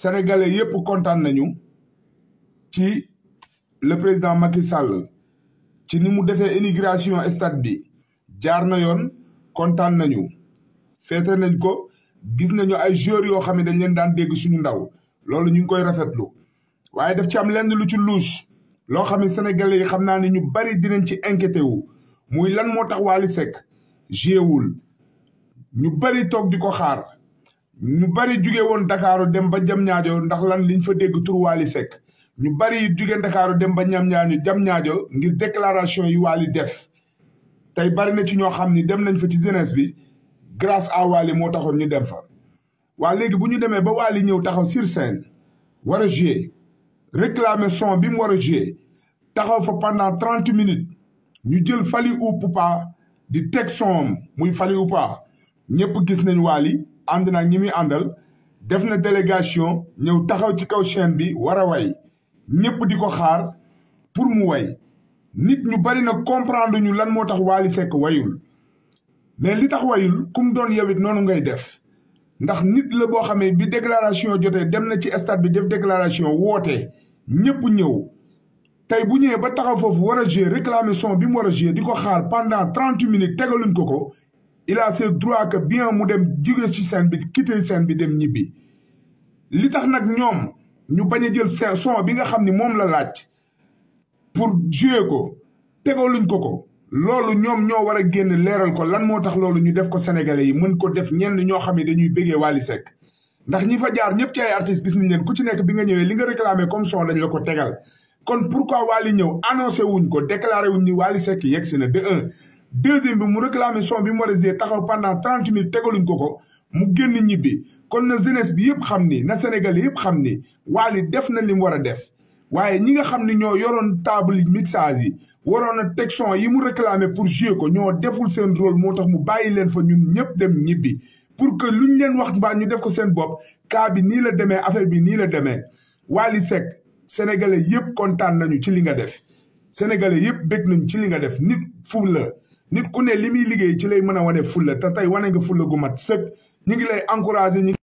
sénégalais yépp kontaan nañu ci le président Macky Sall ci ni mu defee immigration stade bi jaar na yoon kontaan nañu feete nañ ko gis nañu ay joueurs yoo xam ne dañ leen daan dégg suñu ndaw loolu ñu ngi koy rafetlu waaye daf ci am lenn lu ci louche loo xam ne sénégalais yi xam naa ne ñu bari dinañ ci inquiété wu muy lan moo tax Wally Seck jéewul ñu bari toog di ko xaar. ñu bari jóge woon Dakaaru dem ba jam ñaajo ndax lan liñ fa dégg tur Waly Seck ñu bari jóge Ndakaaru dem ba ñam ñaañu jam ñaajo ngir déclaration yi Waly def tey bari na ci ñoo xam ni dem nañ fa ci jeunesse bi grâce à Waly moo taxoon ñu dem fa waa léegi bu ñu demee ba Waly ñëw taxaw sur scène war a jouer réclamer son bi mu war a jouer taxaw fa pendant trente minutes ñu jël Fally Ipupa di teg son muy Fally Ipupa ñëpp gis nañ Waly ànd na ñimi andal def na délégation ñëw taxaw ci kaw chaîne bi wara way ñëpp diko xaar pour mu way nit ñu bari na comprendre ñu lan mo tax Wally Seck wayul mais li tax wayul kum doon yow nonu ngay def ndax nit la bo xamee bi déclaration joté dem na ci stade bi def déclaration woté ñëpp ñëw tay bu ñëwee ba taxaw fofu wara jé réclamation bi mu wara jé diko xaar pendant 30 minutes tégaluñ ko ko il a ce droit que bien mu dem jóge ci scène bi quitter scène bi dem ñibi li tax nak ñom ñu baña jël son bi nga xamni mom la lacc pour jouer ko luñ ko ko lolu ñom ñoo wara a génn leeral ko lan moo tax loolu ñu def ko sénégalais yi mën ko def ñenn ñoo xam dañuy bëggee wali Seck ndax ñi fa jaar ñepp ci ay artistes gis nañ leen ku ci nekk bi nga ñëwee li nga réclamer comme son dañ la ko tégal kon pourquoi wali ñew annoncé wuñ ko déclarer wuñ ni wali Seck yegg na de 1 Dezenbe mou reklame son bi mou reziye takor pandan 30.000 tegol inkoko, mou gen ni nyebi. Kon nan zines bi yip khamne, nan Senegal yip khamne, wali def nen li mwara def. Wali nye ge khamne nyo yoron tabli miksa azi, waron nan tek son yi mou reklame pou jye ko, nyo yon defoul sen drol mwotak mou bayilen fwen yon nyep dem nyebi. Pou ke lunyen wak mba nye def kosen bop, ka bi ni le deme, afer bi ni le deme. Wali sek, Senegal yip kontan nan yon chilinga def. Senegal yip beknen chilinga def, nip foule. nit ku ne li muy liggéey ci lay mën a wane fulla te tey wane nga fulla gu mat sëkk ñu ngi lay encouragé.